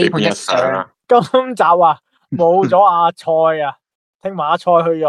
一上啊！今集啊，冇咗阿蔡啊， 聽馬、啊、蔡去咗。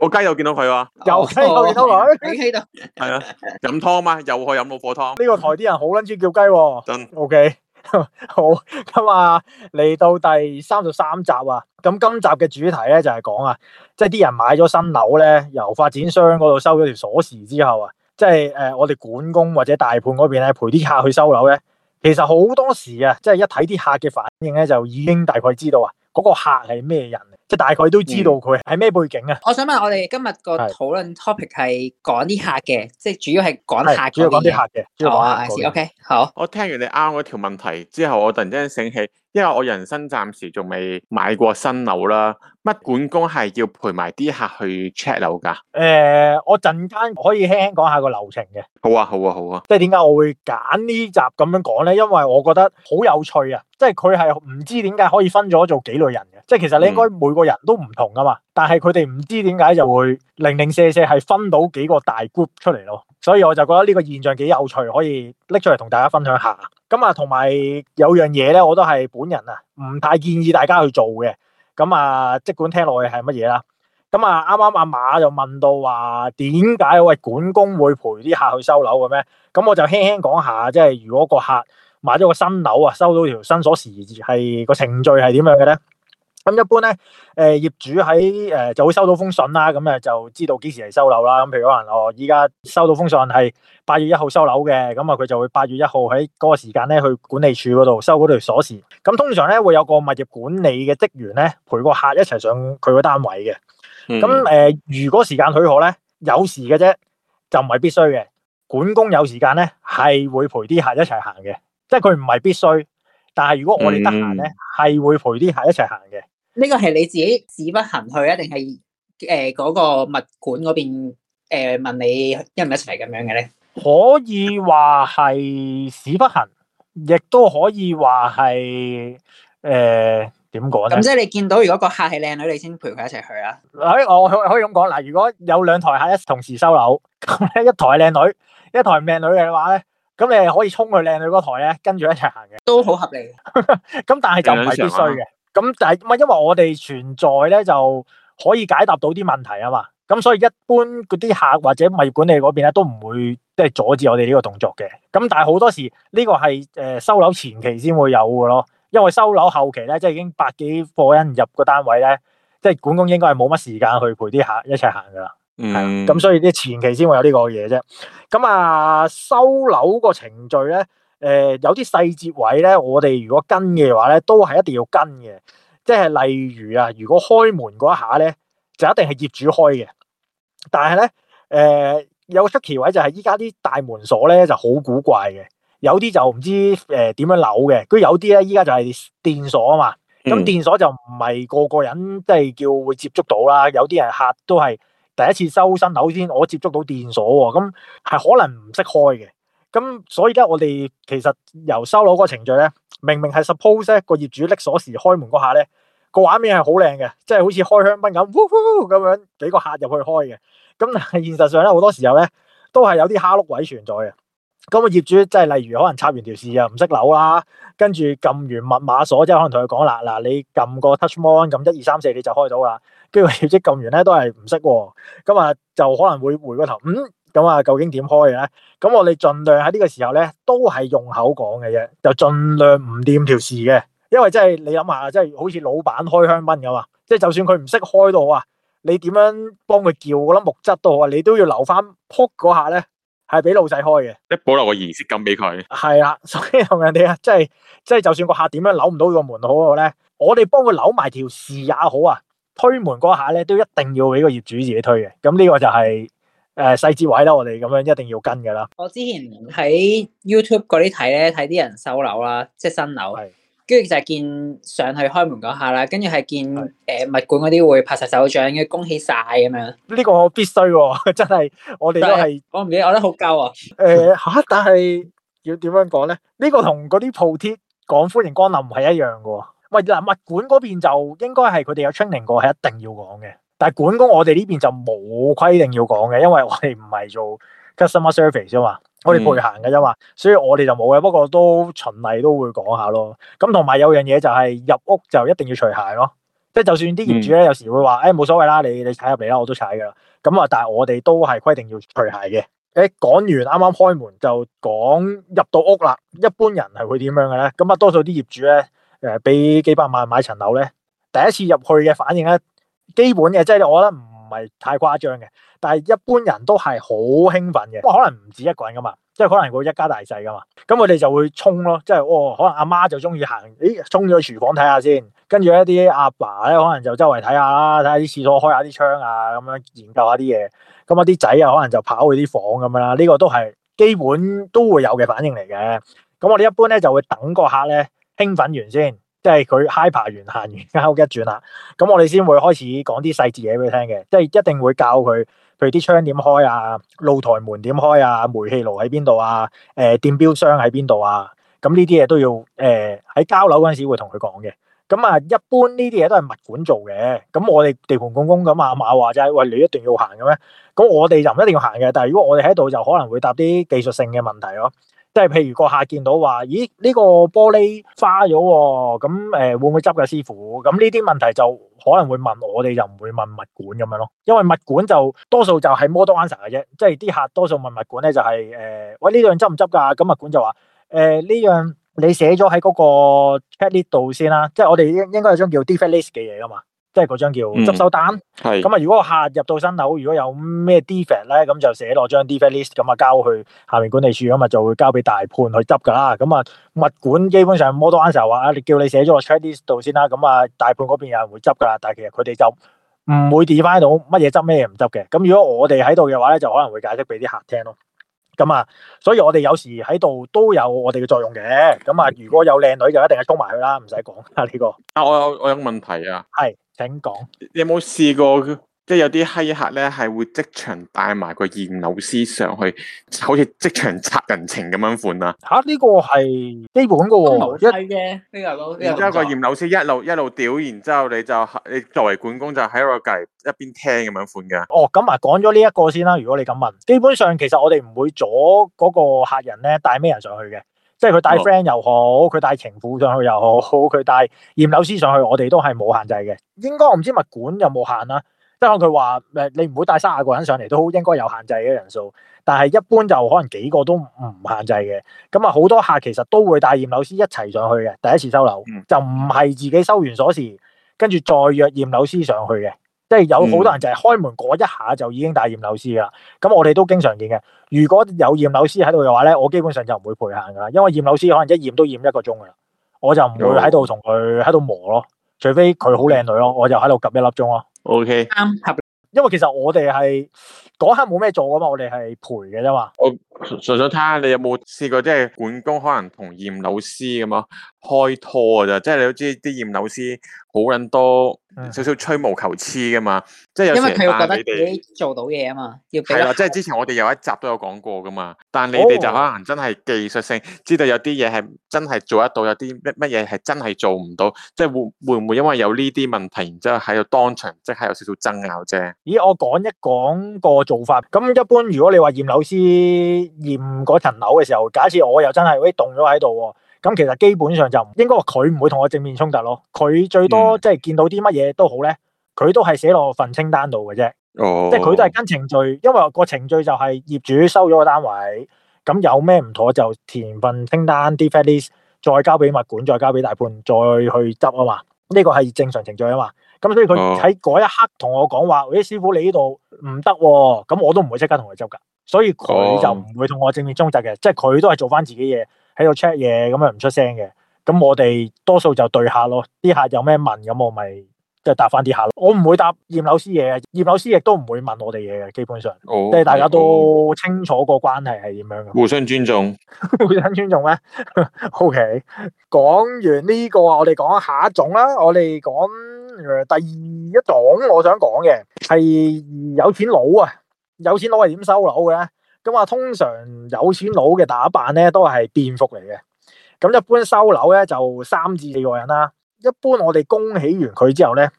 我雞又見到佢喎、啊，雞又見到佢喺係啊，飲、哦 啊、湯嘛、啊，又去飲老火湯。呢 個台啲人好撚中意叫雞喎、啊 的。OK， 好咁啊！嚟到第三十三集啊，咁今集嘅主題咧就係講啊，即係啲人買咗新樓咧，由發展商嗰度收咗條鎖匙之後啊，即係誒，我哋管工或者大判嗰邊咧，陪啲客去收樓咧。其實好多時啊，即係一睇啲客嘅反應咧，就已經大概知道啊，嗰、那個客係咩人，即係大概都知道佢係咩背景啊、嗯。我想問我哋今日個討論 topic 係講啲客嘅，即係主要係講客嘅。主要講啲客嘅，好啊。O、oh, K，、okay. 好。我聽完你啱嗰條問題之後，我突然間醒起。因為我人生暫時仲未買過新樓啦，乜管工係要陪埋啲客去 check 樓噶？誒、呃，我陣間可以輕輕講下個流程嘅。好啊，好啊，好啊。即係點解我會揀呢集咁樣講咧？因為我覺得好有趣啊！即係佢係唔知點解可以分咗做幾類人嘅。即係其實你應該每個人都唔同噶嘛。嗯但係佢哋唔知點解就會零零四四係分到幾個大 group 出嚟咯，所以我就覺得呢個現象幾有趣，可以拎出嚟同大家分享下。咁啊，同埋有樣嘢咧，我都係本人啊，唔太建議大家去做嘅。咁啊，即管聽落去係乜嘢啦。咁啊，啱啱阿馬就問到話點解喂管工會陪啲客去收樓嘅咩？咁我就輕輕講下，即係如果個客買咗個新樓啊，收到條新鎖匙，係個程序係點樣嘅咧？咁一般咧，誒業主喺誒就會收到封信啦，咁誒就知道幾時嚟收樓啦。咁譬如可能我依家收到封信係八月一號收樓嘅，咁啊佢就會八月一號喺嗰個時間咧去管理處嗰度收嗰條鎖匙。咁通常咧會有個物業管理嘅職員咧陪個客一齊上佢個單位嘅。咁、嗯、如果時間許可咧，有時嘅啫，就唔係必須嘅。管工有時間咧係會陪啲客一齊行嘅，即係佢唔係必須。但係如果我哋得閒咧，係會陪啲客一齊行嘅。呢個係你自己自不行去啊，定係誒嗰個物管嗰邊誒問你一唔一齊咁樣嘅咧？可以話係自不行，亦都可以話係誒點講咧？咁即係你見到如果個客係靚女，你先陪佢一齊去啊？可以，我可可以咁講嗱，如果有兩台客咧同時收樓，咁咧一台靚女，一台唔靚女嘅話咧？咁你可以衝去靚女嗰台咧，跟住一齊行嘅，都好合理。咁 但係就唔係必須嘅。咁、嗯、但係因為我哋存在咧，就可以解答到啲問題啊嘛。咁所以一般嗰啲客或者物業管理嗰邊咧，都唔會即係阻止我哋呢個動作嘅。咁但係好多時呢個係、呃、收樓前期先會有嘅咯，因為收樓後期咧，即係已經百幾夥人入個單位咧，即係管工應該係冇乜時間去陪啲客一齊行㗎啦。嗯，咁所以啲前期先會有呢個嘢啫。咁啊，收樓個程序咧，誒、呃，有啲細節位咧，我哋如果跟嘅話咧，都係一定要跟嘅。即係例如啊，如果開門嗰一下咧，就一定係業主開嘅。但係咧，誒、呃，有個出奇位就係依家啲大門鎖咧就好古怪嘅，有啲就唔知誒點、呃、樣扭嘅，佢有啲咧依家就係電鎖啊嘛。咁、嗯、電鎖就唔係個個人即係叫會接觸到啦，有啲人客都係。第一次收新樓先，我接觸到電鎖喎，咁係可能唔識開嘅，咁所以而家我哋其實由收樓嗰個程序咧，明明係 suppose 個業主拎鎖匙開門嗰下咧，個畫面係好靚嘅，即係好似開香檳咁，咁樣幾個客入去開嘅，咁但係現實上咧，好多時候咧，都係有啲蝦碌鬼存在嘅。咁個業主即係例如可能插完條匙啊，唔識扭啦，跟住撳完密碼鎖，即係可能同佢講啦，嗱，你撳個 touch more，撳一二三四你就開到啦。跟住業主撳完咧都係唔識喎，咁啊就可能會回個頭，嗯，咁啊究竟點開嘅咧？咁我哋盡量喺呢個時候咧都係用口講嘅啫，就盡量唔掂條匙嘅，因為即係你諗下，即係好似老闆開香檳咁啊，即係就算佢唔識開到啊，你點樣幫佢叫嗰粒木質都好啊，你都要留翻撲嗰下咧。係俾老細開嘅，即係保留個儀式感俾佢。係啊，所以同人哋啊，即係即係，即係即係，就算個客點樣扭唔到個門口嗰咧，我哋幫佢扭埋條匙也好啊。推門嗰下咧，都一定要俾個業主自己推嘅。咁呢個就係誒細節位啦，我哋咁樣一定要跟噶啦。我之前喺 YouTube 嗰啲睇咧，睇啲人收樓啦，即係新樓。跟住就係見上去開門嗰下啦，跟住係見誒物管嗰啲會拍曬手掌，要恭喜曬咁樣。呢個必須喎，真係我哋都係。我唔知，我覺得好夠啊。誒嚇，但係要點樣講咧？呢個同嗰啲鋪貼講歡迎光臨唔係一樣嘅喎。喂，嗱物管嗰邊就應該係佢哋有 training 過，係一定要講嘅。但係管工我哋呢邊就冇規定要講嘅，因為我哋唔係做 customer service 啫嘛。我哋陪行嘅啫嘛，所以我哋就冇嘅。不過都循例都會講下咯。咁同埋有樣嘢就係入屋就一定要除鞋咯。即係就算啲業主咧，有時會話，誒，嗯，冇所謂啦，你你踩入嚟啦，我都踩噶啦。咁啊，但係我哋都係規定要除鞋嘅。誒講完啱啱開門就講入到屋啦。一般人係會點樣嘅咧？咁啊，多數啲業主咧，誒俾幾百萬買層樓咧，第一次入去嘅反應咧，基本嘅，即係我覺得唔唔係太誇張嘅，但係一般人都係好興奮嘅，因為可能唔止一個人噶嘛，即係可能會一家大細噶嘛，咁我哋就會衝咯，即係哦，可能阿媽就中意行，咦，衝咗去廚房睇下先，跟住一啲阿爸咧，可能就周圍睇下啦，睇下啲廁所開下啲窗啊，咁樣研究下啲嘢，咁我啲仔啊，可能就跑去啲房咁樣啦，呢個都係基本都會有嘅反應嚟嘅，咁我哋一般咧就會等個客咧興奮完先。即係佢 hi 爬完行完，然後一轉啦，咁我哋先會開始講啲細節嘢俾佢聽嘅，即係一定會教佢，譬如啲窗點開啊，露台門點開啊，煤氣爐喺邊度啊，誒電錶箱喺邊度啊，咁呢啲嘢都要誒喺交樓嗰陣時會同佢講嘅。咁啊，一般呢啲嘢都係物管做嘅，咁我哋地盤公公咁啊，馬話就係喂，你一定要行嘅咩？咁我哋就唔一定要行嘅，但係如果我哋喺度就可能會答啲技術性嘅問題咯。即係譬如個客見到話，咦呢、這個玻璃花咗，咁誒會唔會執㗎師傅？咁呢啲問題就可能會問我哋，就唔會問物管咁樣咯。因為物管就多數就係 model answer 嘅啫，即係啲客多數問物管咧就係、是、誒、呃，喂收收呢樣執唔執噶？咁物管就話誒呢樣你寫咗喺嗰個 chat list 度先啦、啊。即係我哋應應該有張叫 defect list 嘅嘢噶嘛。即係嗰張叫執手單，係咁啊！如果客入到新樓，如果有咩 defect 咧，咁就寫落張 defect list，咁啊交去下面管理處啊嘛，就會交俾大判去執噶啦。咁啊，物管基本上 model 時候話啊，你叫你寫咗落 check list 度先啦。咁啊，大判嗰邊有人會執噶啦。但係其實佢哋就唔會 define 翻到乜嘢執咩嘢唔執嘅。咁如果我哋喺度嘅話咧，就可能會解釋俾啲客聽咯。咁啊，所以我哋有時喺度都有我哋嘅作用嘅。咁啊，如果有靚女就一定係衝埋去啦，唔使講啊呢個。啊，我有我有問題啊。係。請講。你有冇試過，即係有啲黑客咧，係會即場帶埋個驗樓師上去，好似即場拆人情咁樣款啊？吓、這個哦，呢個係基本噶喎，係嘅。呢個都呢個都。驗樓師一路一路屌，然之後你就你作為管工就喺隔籬一邊聽咁樣款嘅。哦，咁啊，講咗呢一個先啦。如果你咁問，基本上其實我哋唔會阻嗰個客人咧帶咩人上去嘅。即係佢帶 friend 又好，佢帶情婦上去又好，佢帶驗樓師上去，我哋都係冇限制嘅。應該我唔知物管有冇限啦。即係佢話誒，你唔會帶卅個人上嚟都應該有限制嘅人數。但係一般就可能幾個都唔限制嘅。咁啊，好多客其實都會帶驗樓師一齊上去嘅。第一次收樓就唔係自己收完鎖匙，跟住再約驗樓師上去嘅。嗯、即係有好多人就係開門嗰一下就已經帶驗樓師噶啦，咁我哋都經常見嘅。如果有驗樓師喺度嘅話咧，我基本上就唔會陪行噶啦，因為驗樓師可能一驗都驗一個鐘噶啦，我就唔會喺度同佢喺度磨咯，除非佢好靚女咯，我就喺度及一粒鐘咯。OK。因為其實我哋係嗰刻冇咩做噶嘛，我哋係陪嘅啫嘛。純粹睇下你有冇試過，即係管工可能同驗樓師咁咯，開拖啊咋？即係你都知啲驗樓師好捻多、嗯，少少吹毛求疵噶嘛。即係有時，佢覺得自己做到嘢啊嘛，要係啦。即係之前我哋有一集都有講過噶嘛。但係你哋就可能真係技術性知道有啲嘢係真係做得到，有啲乜乜嘢係真係做唔到。即係會會唔會因為有呢啲問題，然之後喺度當場即係、就是、有少少爭拗啫？咦，我講一講個做法。咁一般如果你話驗樓師。驗嗰層樓嘅時候，假設我又真係喂凍咗喺度喎，咁、哎、其實基本上就應該佢唔會同我正面衝突咯。佢最多、嗯、即係見到啲乜嘢都好咧，佢都係寫落份清單度嘅啫，哦，即係佢都係跟程序，因為個程序就係業主收咗個單位，咁有咩唔妥就填份清單，啲 facts 再交俾物管，再交俾大判，再去執啊嘛。呢個係正常程序啊嘛。咁所以佢喺嗰一刻同我講話，喂、哦哎、師傅你呢度唔得喎，咁我都唔會即刻同佢執噶。所以佢就唔會同我正面衝突嘅，oh. 即係佢都係做翻自己嘢，喺度 check 嘢咁樣唔出聲嘅。咁我哋多數就對客咯，啲客有咩問，咁我咪即係答翻啲客咯。我唔會答驗樓師嘢嘅，驗樓師亦都唔會問我哋嘢嘅，基本上即係、oh. 大家都清楚個關係係點樣嘅。互相尊重， 互相尊重咩 ？O.K. 講完呢、這個啊，我哋講下一種啦，我哋講第二一種，我想講嘅係有錢佬啊。有錢佬係點收樓嘅咧？咁啊，通常有錢佬嘅打扮咧都係便服嚟嘅。咁一般收樓咧就三至四個人啦。一般我哋恭喜完佢之後咧，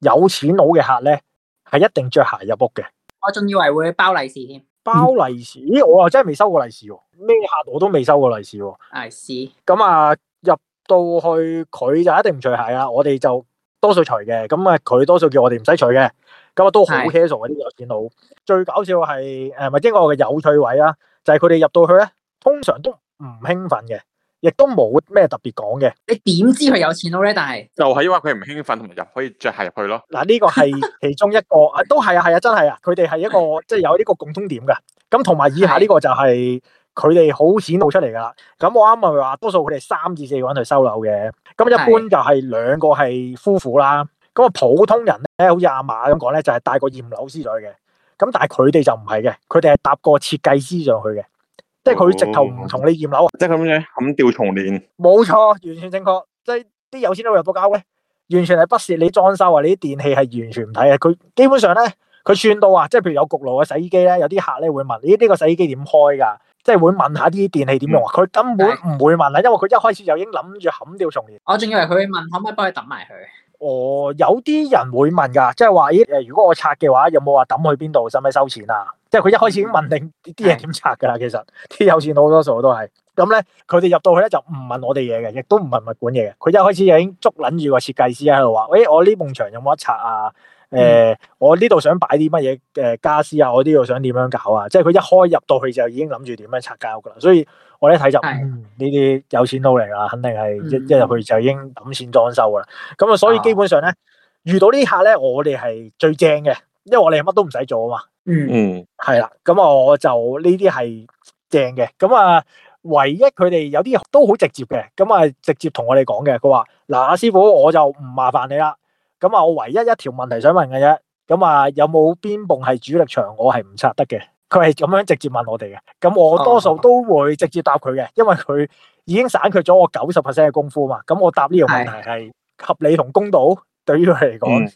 有錢佬嘅客咧係一定着鞋入屋嘅。我仲以為會包利是添。包利是？咦，我啊真係未收過利是喎。咩客我都未收過利是喎。I see。咁啊，入到去佢就一定唔除鞋啦。我哋就多數除嘅。咁啊，佢多數叫我哋唔使除嘅。咁啊，都好 casual 嘅，啲有錢佬。最搞笑係，誒，或者講我嘅有趣位啦，就係佢哋入到去咧，通常都唔興奮嘅，亦都冇咩特別講嘅。你點知佢有錢佬咧？但係就係、是，因為佢唔興奮，同埋入可以着鞋入去咯。嗱，呢個係其中一個，都 係啊，係啊，啊，真係啊，佢哋係一個即係、就是、有呢個共通點噶。咁同埋以下呢個就係佢哋好顯露出嚟噶啦。咁我啱咪話，多數佢哋三至四個人去收樓嘅。咁一般就係兩個係夫婦啦。咁普通人咧，好似阿嫲咁講咧，就係、是、帶個驗樓師去嘅。咁但係佢哋就唔係嘅，佢哋係搭個設計師上去嘅、哦，即係佢直頭唔同你驗樓啊，即係佢點樣冚掉重練？冇錯，完全正確。即係啲有錢都會入到交嘅，完全係不屑你裝修啊，你啲電器係完全唔睇嘅。佢基本上咧，佢算到啊，即係譬如有焗爐嘅洗衣機咧，有啲客咧會問：咦，呢、這個洗衣機點開㗎？即係會問下啲電器點用。佢、嗯、根本唔會問啊、嗯，因為佢一開始就已經諗住冚掉重練。我仲以為佢問可唔可以幫你揼埋佢。哦，有啲人會問㗎，即係話，咦、誒，如果我拆嘅話，有冇話抌去邊度，使唔使收錢啊？嗯、即係佢一開始已經問定啲嘢點拆㗎啦。其實啲有錢佬好多數都係咁咧，佢哋入到去咧就唔問我哋嘢嘅，亦都唔問物管嘢嘅。佢一開始已經捉撚住個設計師喺度話，喂、嗯哎，我呢埲牆有冇得拆啊？誒、呃、我呢度想擺啲乜嘢誒傢俬啊，我呢度想點樣搞啊？嗯、即係佢一開入到去就已經諗住點樣拆間屋㗎啦，所以。我一睇就、嗯，呢啲有錢佬嚟啦，肯定係、嗯、一一入去就已經揼錢裝修啦。咁、嗯、啊，所以基本上咧，遇到呢客咧，我哋係最正嘅，因為我哋乜都唔使做啊嘛。嗯，係啦，咁啊，我就呢啲係正嘅。咁啊，唯一佢哋有啲都好直接嘅，咁啊，直接同我哋講嘅。佢話：嗱、啊，阿師傅，我就唔麻煩你啦。咁啊，我唯一一條問題想問嘅啫。咁啊，有冇邊埲係主力牆我係唔拆得嘅？佢係咁樣直接問我哋嘅，咁我多數都會直接答佢嘅、哦，因為佢已經省卻咗我九十 percent 嘅功夫嘛。咁我答呢個問題係合理同公道，哎、對於佢嚟講，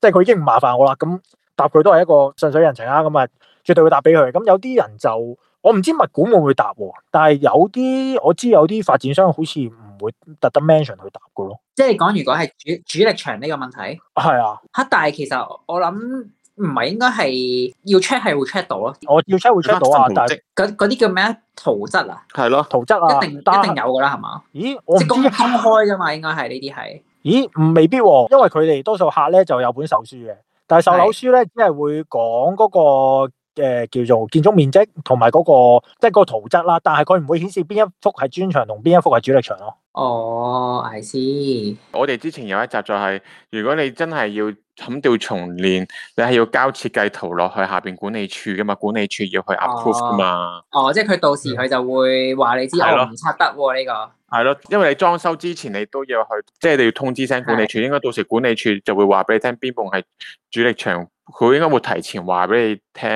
即係佢已經唔麻煩我啦。咁答佢都係一個順水人情啦。咁啊，絕對會答俾佢。咁有啲人就我唔知物管會唔會答喎，但係有啲我知有啲發展商好似唔會特登 mention 去答嘅咯。即係講如果係主主力場呢個問題，係啊嚇，但係其實我諗。唔係，應該係要 check 係會 check 到咯。我要 check 會 check 到啊，但係，但嗰嗰啲叫咩啊？圖質啊？係咯，圖質啊，一定一定有噶啦，係嘛？咦，我公公開噶嘛，應該係呢啲係。咦，唔，未必啊，因為佢哋多數客咧就有本售書嘅，但係售樓書咧，即係會講嗰個。誒，叫做建築面積同埋嗰個即係嗰個圖則啦，但係佢唔會顯示邊一幅係磚牆同邊一幅係主力牆咯。哦，係先。我哋之前有一集就係、是，如果你真係要砍掉重練，你係要交設計圖落去下邊管理處噶嘛？管理處要去 approve 噶、oh, 嘛？哦、oh,，即係佢到時佢就會話你、嗯、知我唔拆得呢個。係咯，因為你裝修之前你都要去，即係你要通知聲管理處，應該到時管理處就會話俾你聽邊埲係主力牆。佢應該會提前話俾你聽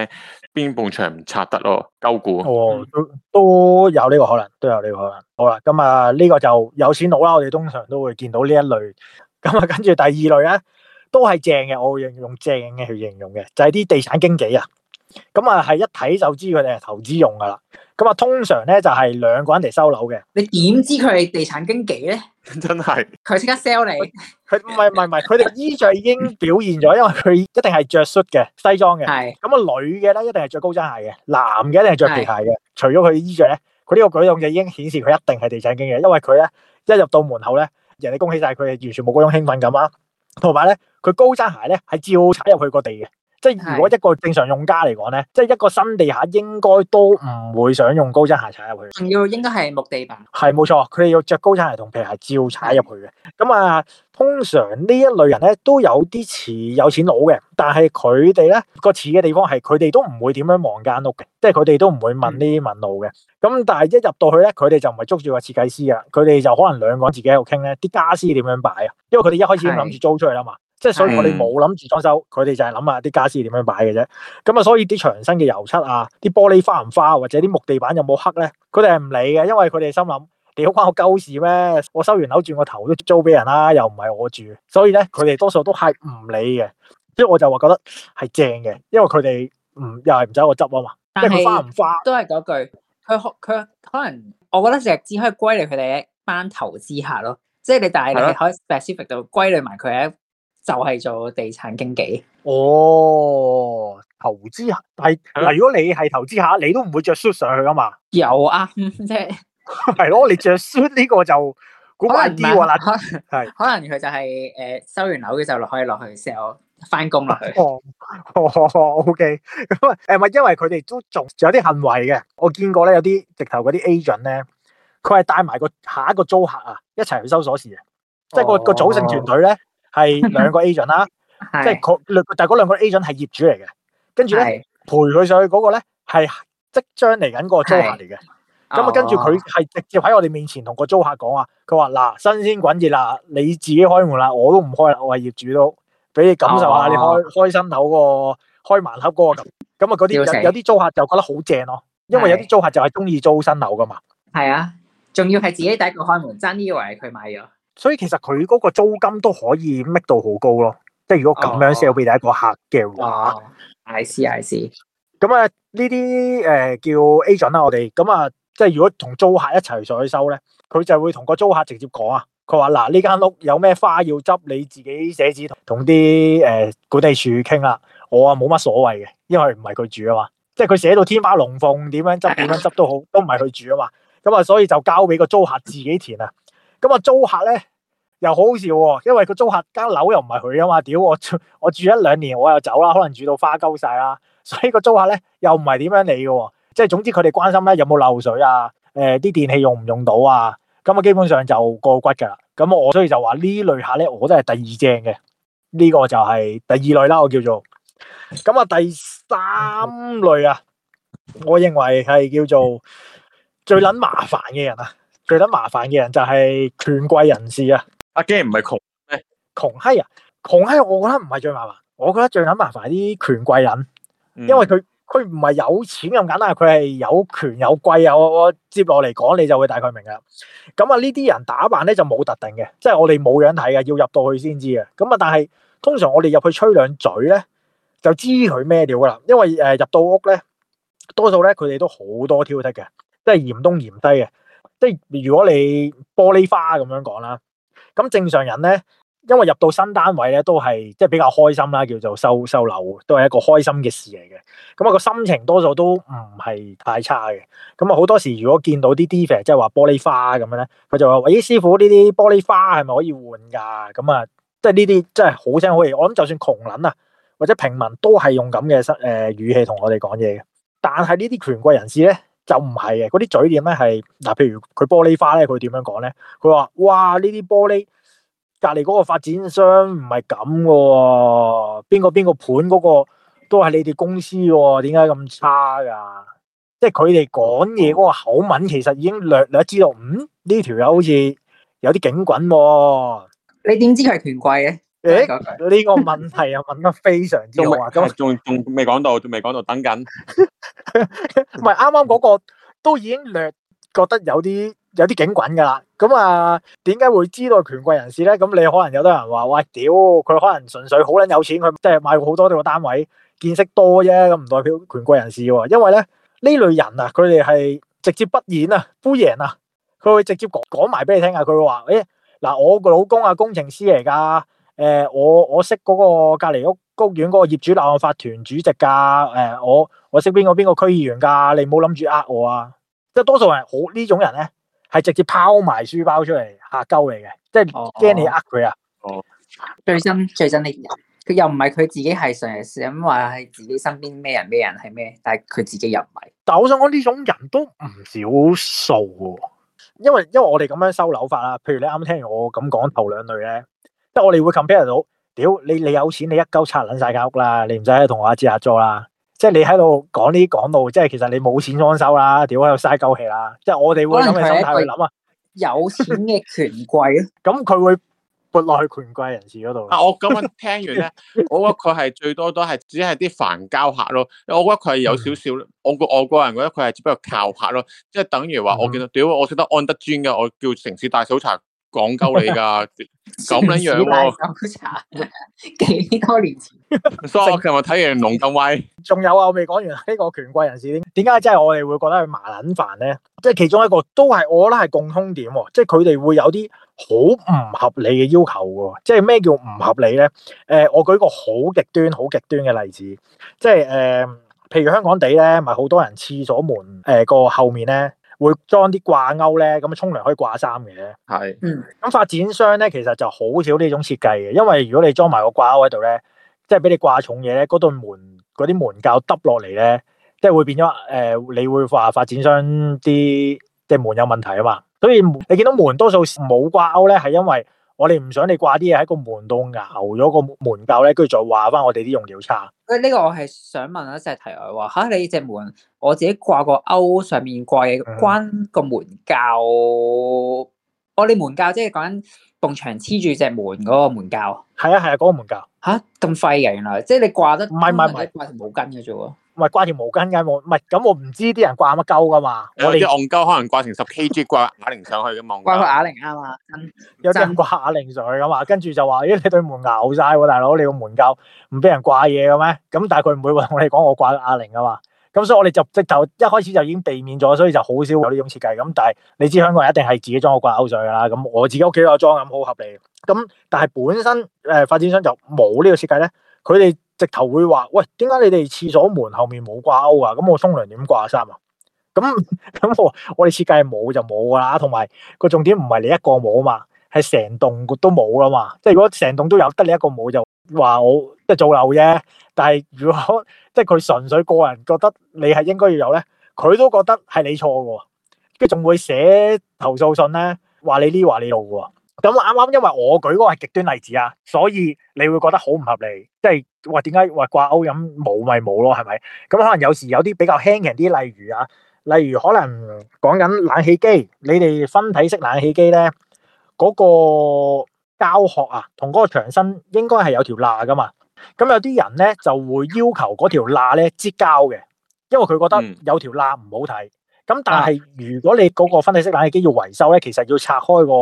邊埲牆唔拆得咯。交股哦，都都有呢個可能，都有呢個可能。好啦，咁啊呢個就有錢佬啦，我哋通常都會見到呢一類。咁啊，跟住第二類咧，都係正嘅，我會用正嘅去形容嘅，就係、是、啲地產經紀啊。咁啊，係一睇，就知佢哋係投資用噶啦。咁啊，通常咧就係、是、兩個人嚟收樓嘅。你點知佢係地產經紀咧？ 真係，佢即刻 sell 你。佢唔係唔係唔係，佢哋衣着已經表現咗，因為佢一定係着恤嘅西裝嘅。係。咁啊，女嘅咧一定係着高踭鞋嘅，男嘅一定係着皮鞋嘅。除咗佢衣着咧，佢呢個舉動就已經顯示佢一定係地產經紀，因為佢咧一入到門口咧，人哋恭喜晒佢，完全冇嗰種興奮感啊。同埋咧，佢高踭鞋咧係照踩入去個地嘅。即係如果一個正常用家嚟講咧，是即係一個新地下應該都唔會想用高踭鞋踩入去。仲要應該係木地板是，係冇錯，佢哋要着高踭鞋同皮鞋照踩入去嘅。咁啊，通常呢一類人咧都有啲似有錢佬嘅，但係佢哋咧個似嘅地方係佢哋都唔會點樣望間屋嘅，即係佢哋都唔會問呢啲問路嘅。咁、嗯、但係一入到去咧，佢哋就唔係捉住個設計師啊，佢哋就可能兩個自己喺度傾咧啲家私點樣擺啊，因為佢哋一開始諗住租出去啦嘛。即係所以，我哋冇諗住裝修，佢哋就係諗下啲家私點樣擺嘅啫。咁啊，所以啲牆身嘅油漆啊，啲玻璃花唔花，或者啲木地板有冇黑咧，佢哋係唔理嘅，因為佢哋心諗，你好關我鳩事咩？我收完樓轉個頭都租俾人啦，又唔係我住，所以咧，佢哋多數都係唔理嘅。所以我就話覺得係正嘅，因為佢哋唔又係唔使我執啊嘛。即係花唔花都係嗰句，佢可佢可能，我覺得石只可以歸類佢哋一班投資客咯。即係你，但係你可以 specific 到歸類埋佢喺。就係、是、做地產經紀哦，投資係嗱，如果你係投資下，你都唔會着 suit 上去啊嘛？有啊，即係係咯，你着 suit 呢個就古怪啲啦，係可能佢就係、是、誒、呃、收完樓嘅時候落可以落去 sell 翻工落哦哦，O K 咁誒，哦 okay、 因為佢哋都仲仲有啲行為嘅，我見過咧有啲直頭嗰啲 agent 咧，佢係帶埋個下一個租客啊一齊去收鎖匙嘅，即、就、係、是那個個、哦、組成團隊咧。係兩個 agent 啦， 即係嗰兩，但係嗰兩個 agent 係業主嚟嘅，跟住咧陪佢上去嗰個咧係即將嚟緊個租客嚟嘅，咁啊跟住佢係直接喺我哋面前同個租客講啊，佢話嗱新鮮滾熱啦，你自己開門啦，我都唔開啦，我話業主都俾你感受下、嗯、你開開新樓嗰個開盲盒嗰、嗰個咁，咁啊嗰啲有啲租客就覺得好正咯，因為有啲租客就係中意租新樓噶嘛。係啊，仲要係自己第一個開門，真以為佢買咗。所以其實佢嗰個租金都可以搣到好高咯，即係如果咁樣 sell 俾第一個客嘅話，I C I C。咁、哦哦、啊呢啲誒叫 agent 啦，我哋咁啊，即係如果同租客一齊上去收咧，佢就會同個租客直接講啊。佢話嗱呢間屋有咩花要執，你自己寫紙同啲誒管理處傾啦。我啊冇乜所謂嘅，因為唔係佢住啊嘛，即係佢寫到天花龍鳳點樣執點樣執都好，都唔係佢住啊嘛。咁啊，所以就交俾個租客自己填啊。咁啊，租客咧又好好笑喎，啊，因為個租客間樓又唔係佢啊嘛，屌我住我住一兩年我又走啦，可能住到花鳩晒，啦，所以個租客咧又唔係點樣理噶，啊，即係總之佢哋關心咧有冇漏水啊，誒、呃、啲電器用唔用到啊，咁啊基本上就過骨噶啦，咁我所以就話呢類客咧我都係第二正嘅。呢，這個就係第二類啦，我叫做，咁啊第三類啊，我認為係叫做最撚麻煩嘅人啊。最捻麻煩嘅人就係權貴人士啊！阿 Gem 唔係窮，欸、窮閪啊！窮閪，我覺得唔係最麻煩，我覺得最捻麻煩啲權貴人，嗯、因為佢佢唔係有錢咁簡單，佢係有權有貴啊！我接落嚟講你就會大概明啦。咁啊，呢啲人打扮咧就冇特定嘅，即係我哋冇樣睇嘅，要入到去先知嘅。咁啊，但係通常我哋入去吹兩嘴咧，就知佢咩料噶啦。因為誒入、呃、到屋咧，多數咧佢哋都好多挑剔嘅，即係嫌東嫌西嘅。即係如果你玻璃花咁樣講啦，咁正常人咧，因為入到新單位咧，都係即係比較開心啦，叫做收收樓，都係一個開心嘅事嚟嘅。咁、那、啊，個心情多數都唔係太差嘅。咁啊，好多時如果見到啲 diver 即係話玻璃花咁樣咧，佢就話：喂、哎，師傅呢啲玻璃花係咪可以換噶？咁啊，即係呢啲真係好聲好氣。我諗就算窮捻啊，或者平民都係用咁嘅聲誒語氣同我哋講嘢嘅。但係呢啲權貴人士咧，就唔係嘅，嗰啲嘴臉咧係嗱，譬如佢玻璃花咧，佢點樣講咧？佢話：哇，呢啲玻璃隔離嗰個發展商唔係咁嘅喎，邊個邊個盤嗰個都係你哋公司喎，點解咁差㗎？即係佢哋講嘢嗰個口吻，其實已經略略知道，嗯，呢條友好似有啲警棍喎。你點知佢係權貴嘅？誒，呢個問題啊，問得非常之好啊！咁仲仲未講到，仲未講到，等緊。唔係啱啱嗰個都已經略覺得有啲有啲警棍噶啦。咁啊，點解會知道權貴人士咧？咁你可能有得人話：，哇，屌！佢可能純粹好捻有錢，佢即係買好多呢個單位，見識多啫。咁唔代表權貴人士喎。因為咧呢類人啊，佢哋係直接不演啊，敷衍啊，佢會直接講講埋俾你聽啊。佢會話：，誒，嗱，我個老公啊，工程師嚟噶。誒、呃，我我識嗰個隔籬屋公園嗰個業主立案法團主席噶，誒、呃，我我識邊個邊個區議員噶，你唔好諗住呃我啊，即係多數係我呢種人咧，係直接拋埋書包出嚟嚇鳩嚟嘅，即係驚你呃佢啊。哦，最憎最憎呢啲人，佢又唔係佢自己係想想話係自己身邊咩人咩人係咩，但係佢自己又唔係。但係我想講呢種人都唔少數。哦，因為因為我哋咁樣收樓法啦，譬如你啱啱聽完我咁講頭兩類咧。即係我哋會 compare 到，屌，你你有錢你，你一鳩拆捻晒間屋啦，你唔使同我阿姐阿叔啦。即係你喺度講呢啲講到，即係其實你冇錢裝修啦，屌喺度嘥鳩氣啦。即係我哋會咁嘅心態去諗啊。有，有錢嘅權貴咯，咁 佢會撥落去權貴人士嗰度。嗱，我今日聽完咧， 我覺得佢係最多都係只係啲凡交客咯。嗯、我覺得佢係有少少，我個人覺得佢係只不過靠客咯，即係等於話我見到，屌、嗯、我識得安德尊嘅，我叫城市大搜查。講究你噶，咁 樣樣喎。幾多年前，所以我琴日睇完龍咁威，仲有啊，我未講完呢個權貴人士點點解真係我哋會覺得佢麻捻煩咧？即係其中一個都係我覺得係共通點，即係佢哋會有啲好唔合理嘅要求嘅。即係咩叫唔合理咧？誒，我舉個好極端、好極端嘅例子，即係誒，譬如香港地咧，咪好多人廁所門誒個後面咧。會裝啲掛鈎咧，咁啊沖涼可以掛衫嘅。係，嗯，咁發展商咧，其實就好少呢種設計嘅，因為如果你裝埋個掛鈎喺度咧，即係俾你掛重嘢咧，嗰度門嗰啲門鉸耷落嚟咧，即係會變咗誒，你會話發展商啲即係門有問題啊嘛，所以你見到門多數冇掛鈎咧，係因為。我哋唔想你掛啲嘢喺個門度咬咗個門鉸咧，跟住再話翻我哋啲用料差。誒，呢個我係想問一隻題外話，吓你隻門我自己掛個鈎上面掛，關個門鉸。我哋門、嗯、門鉸、哦、你門鉸即係講緊棟牆黐住隻門嗰、啊啊那個門鉸。」係啊係啊，嗰個門鉸。吓咁廢嘅原來，即係你掛得唔係唔係唔係毛巾嘅啫喎。不唔係掛條毛巾㗎，我唔係咁，我唔知啲人掛乜鳩㗎嘛。我哋啲憨鳩可能掛成十 Kg 掛啞鈴上去嘅，望掛個啞鈴啊嘛， 有啲人掛啞鈴上去咁啊，跟住就話：咦、哎，你對門咬晒喎，大佬，你個門夠唔俾人掛嘢嘅咩？咁但係佢唔會話我哋講我掛啞鈴㗎嘛。咁所以我哋就即頭一開始就已經避免咗，所以就好少有呢種設計。咁但係你知香港人一定係自己裝個掛鈎上去㗎啦。咁我自己屋企都有裝，咁好合理。咁但係本身誒、呃、發展商就冇呢個設計咧，佢哋。直頭會話喂，點解你哋廁所門後面冇掛鈎啊？咁我沖涼點掛衫啊？咁咁我哋設計冇就冇噶啦同埋個重點唔係你一個冇啊嘛，係成棟都冇啊嘛。即係如果成棟都有，得你一個冇就話我即係做漏啫。但係如果即係佢純粹個人覺得你係應該要有咧，佢都覺得係你錯噶，跟住仲會寫投訴信咧，話你呢話你漏啊。咁啱啱，因為我舉嗰個係極端例子啊，所以你會覺得好唔合理，即係話點解話掛鈎咁冇咪冇咯，係咪？咁可能有時有啲比較輕型啲，例如啊，例如可能講緊冷氣機，你哋分體式冷氣機咧，嗰個膠殼啊，同嗰個牆身應該係有條罅噶嘛。咁有啲人咧就會要求嗰條罅咧唧膠嘅，因為佢覺得有條罅唔好睇。咁但係如果你嗰個分體式冷氣機要維修咧，其實要拆開個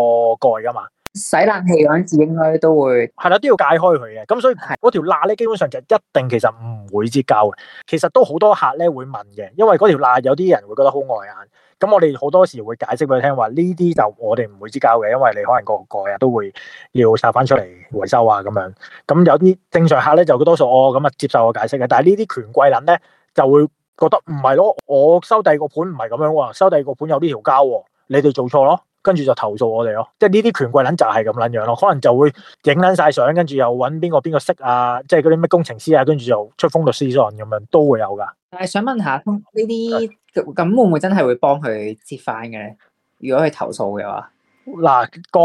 蓋噶嘛，洗冷氣嗰陣時應該都會係啦，都要解開佢嘅。咁所以嗰條罅咧，基本上就一定其實唔會支膠嘅。其實都好多客咧會問嘅，因為嗰條罅有啲人會覺得好礙眼。咁我哋好多時候會解釋畀佢聽話，呢啲就我哋唔會支膠嘅，因為你可能個蓋啊都會要拆翻出嚟維修啊咁樣。咁有啲正常客咧就多數哦咁啊接受我解釋嘅，但係呢啲權貴撚咧就會。覺得唔係咯，我收第二個盤唔係咁樣喎，收第二個盤有呢條膠喎，你哋做錯咯，跟住就投訴我哋咯，即係呢啲權貴捻就係咁捻樣咯，可能就會影捻晒相，跟住又搵邊個邊個識啊，即係嗰啲咩工程師啊，跟住又出封律師信咁樣都會有噶。誒，想問下呢啲咁會唔會真係會幫佢接翻嘅咧？如果佢投訴嘅話，嗱，各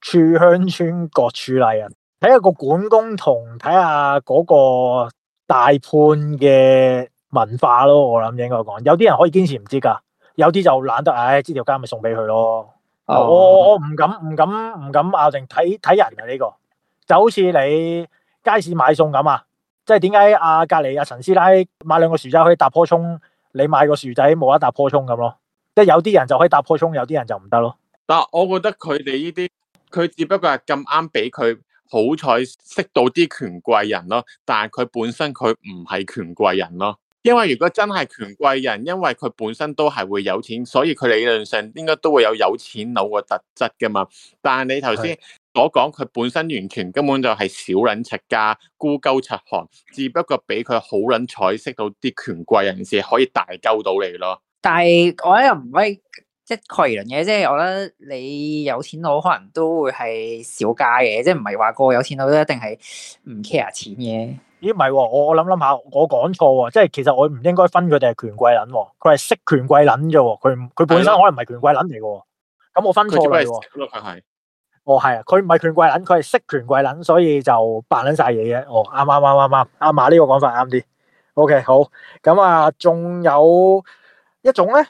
處鄉村各處例人，睇下個管工同睇下嗰個大判嘅，文化咯，我諗應該講，有啲人可以堅持唔知噶，有啲就懶得，唉，知條街咪送俾佢咯。哦、我我唔敢唔敢唔敢，咬定睇睇人啊呢、呢個，就好似你街市買餸咁啊，即係點解阿隔籬阿陳師奶買兩個薯仔可以搭棵蔥，你買個薯仔冇得搭棵蔥咁咯？即係有啲人就可以搭棵蔥，有啲人就唔得咯。但我覺得佢哋呢啲，佢只不過係咁啱俾佢好彩識到啲權貴人咯，但係佢本身佢唔係權貴人咯。因為如果真係權貴人，因為佢本身都係會有錢，所以佢理論上應該都會有有錢佬個特質噶嘛。但係你頭先所講，佢本身完全根本就係小捻赤家孤鳩赤寒，只不過俾佢好捻彩識到啲權貴人士可以大鳩到你咯。但係我咧又唔可以一概而論嘅，即係我覺得你有錢佬可能都會係小家嘅，即係唔係話個有錢佬都一定係唔 care 錢嘅。咦，唔係喎，我我諗諗下，我講錯喎，即係其實我唔應該分佢哋係權貴捻，佢係識權貴捻啫，佢佢本身可能唔係權貴捻嚟嘅，咁我分錯嚟喎。佢係識，佢係係。哦，係啊，佢唔係權貴捻，佢係識權貴捻，所以就扮捻晒嘢嘅。哦，啱啱啱啱啱，阿馬呢個講法啱啲。OK，好，咁啊，仲有一種咧。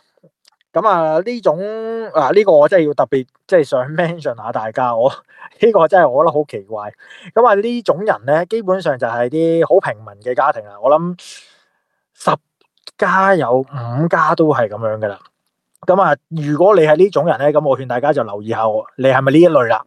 咁啊，呢種啊，呢個我真係要特別，即係想 mention 下大家，我呢個真係我覺得好奇怪。咁啊呢種人咧，基本上就係啲好平民嘅家庭啊。我諗十家有五家都係咁樣噶啦。咁啊，如果你係呢種人咧，咁我勸大家就留意下我，你係咪呢一類啦。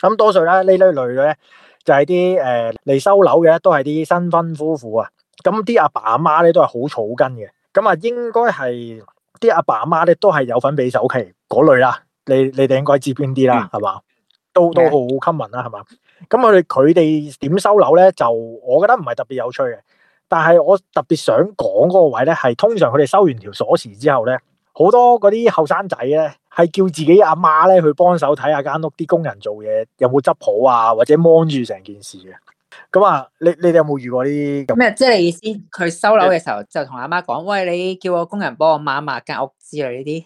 咁多數咧呢一類咧就係啲誒嚟收樓嘅，都係啲新婚夫婦啊。咁啲阿爸阿媽咧都係好草根嘅。咁啊，應該係。啲阿爸阿媽咧都係有份俾首期嗰類啦，你你哋應該知邊啲啦，係、嗯、嘛？都都好 common 啦，係嘛？咁我哋佢哋點收樓咧，就我覺得唔係特別有趣嘅，但係我特別想講嗰個位咧，係通常佢哋收完條鎖匙之後咧，好多嗰啲後生仔咧係叫自己阿媽咧去幫手睇下間屋啲工人做嘢有冇執好啊，或者望住成件事嘅。咁啊，你你哋有冇遇過呢啲咁？咩即係你意思？佢收樓嘅時候就同阿媽講，喂，你叫個工人幫我抹一抹間屋之類呢啲。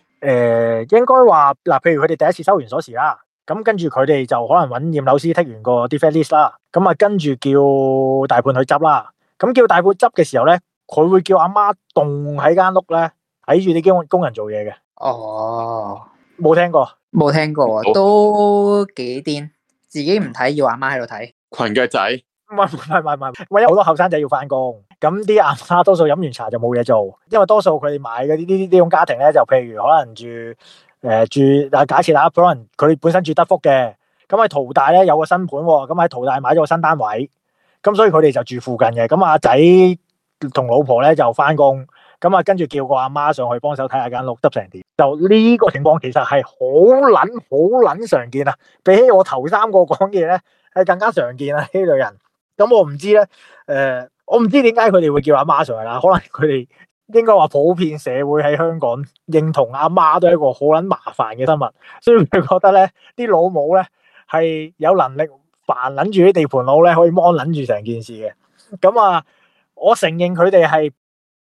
誒，應該話嗱，譬如佢哋第一次收完鎖匙啦，咁跟住佢哋就可能搵驗樓師剔完個 defect list 啦，咁啊跟住叫大判去執啦。咁叫大判執嘅時候咧，佢會叫阿媽動喺間屋咧睇住啲工工人做嘢嘅。哦，冇聽過，冇聽過，都幾癲，自己唔睇要阿媽喺度睇，裙腳仔。唔係唔係唔係唔係，因為好多後生仔要翻工，咁啲阿媽多數飲完茶就冇嘢做，因為多數佢哋買嘅呢啲呢種家庭咧，就譬如可能住誒、呃、住嗱，假設啦，可能佢本身住德福嘅，咁喺淘大咧有個新盤，咁喺淘大買咗個新單位，咁所以佢哋就住附近嘅，咁阿仔同老婆咧就翻工，咁啊跟住叫個阿媽上去幫手睇下間屋得成點，就呢個情況其實係好捻好捻常見啊，比起我頭三個講嘢咧係更加常見啊呢類人。咁我唔知咧，誒、呃，我唔知點解佢哋會叫阿媽上嚟啦，可能佢哋應該話普遍社會喺香港認同阿媽都係一個好撚麻煩嘅生物，所以佢哋覺得咧，啲老母咧係有能力煩撚住啲地盤佬咧，可以摸撚住成件事嘅。咁啊，我承認佢哋係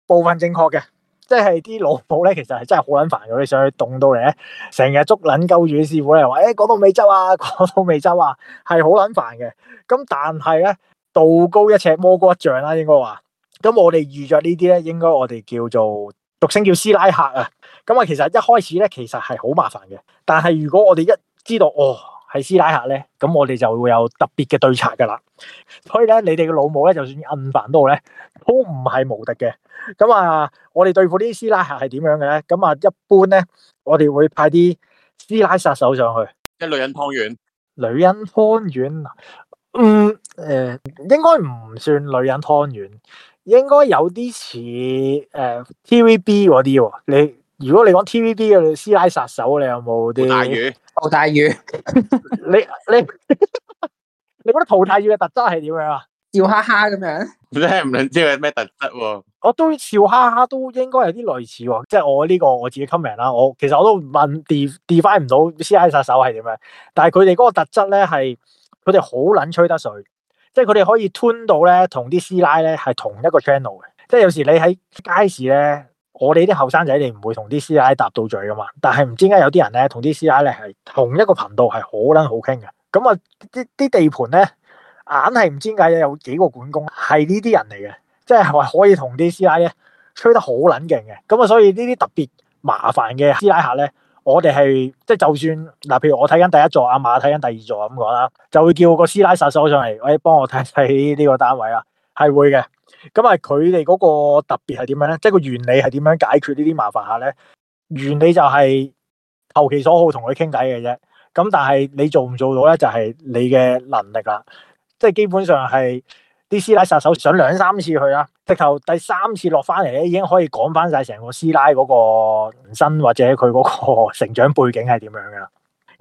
部分正確嘅，即係啲老母咧其實係真係好撚煩嘅，你上去棟到嚟咧，成日捉撚鳩住啲師傅咧，話誒講到美洲啊，講到美洲啊，係好撚煩嘅。咁但係咧，道高一尺，魔高一丈啦，應該話。咁我哋遇着呢啲咧，應該我哋叫做俗稱叫師奶客啊。咁啊，其實一開始咧，其實係好麻煩嘅。但係如果我哋一知道哦係師奶客咧，咁我哋就會有特別嘅對策噶啦。所以咧，你哋嘅老母咧，就算暗犯都好咧，都唔係無敵嘅。咁啊，我哋對付呢啲師奶客係點樣嘅咧？咁啊，一般咧，我哋會派啲師奶殺手上去。一女人湯圓，女人湯圓。嗯，誒、呃，應該唔算女人湯圓，應該有啲似誒 TVB 嗰啲、啊。你如果你講 TVB 嘅啲師奶殺手，你有冇啲？大宇，陶大宇， 你你 你覺得陶大宇嘅特質係點樣啊？笑哈哈咁樣？真係唔知佢咩特質喎、啊。我都笑哈哈，都應該有啲類似、啊。即係我呢、這個我自己 comment 啦。我其實我都問 define 唔到師奶殺手係點樣，但係佢哋嗰個特質咧係。佢哋好撚吹得水，即係佢哋可以吞到咧，同啲師奶咧係同一個 channel 嘅。即係有時你喺街市咧，我哋啲後生仔你唔會同啲師奶搭到嘴㗎嘛。但係唔知點解有啲人咧，同啲師奶咧係同一個頻道係好撚好傾嘅。咁啊，啲啲地盤咧，硬係唔知點解有幾個管工係呢啲人嚟嘅，即係係可以同啲師奶咧吹得好撚勁嘅。咁啊，所以呢啲特別麻煩嘅師奶客咧。我哋係即係就算嗱，譬如我睇緊第一座，阿馬睇緊第二座咁講啦，就會叫個師奶殺手上嚟，幫我幫我睇睇呢個單位啦，係會嘅。咁啊，佢哋嗰個特別係點樣咧？即係個原理係點樣解決這些煩呢啲麻煩客咧？原理就係投其所好同佢傾偈嘅啫。咁但係你做唔做到咧？就係你嘅能力啦。即係基本上係。啲師奶殺手想兩三次去啦，直頭第三次落翻嚟咧，已經可以講翻晒成個師奶嗰個人生，或者佢嗰個成長背景係點樣噶啦。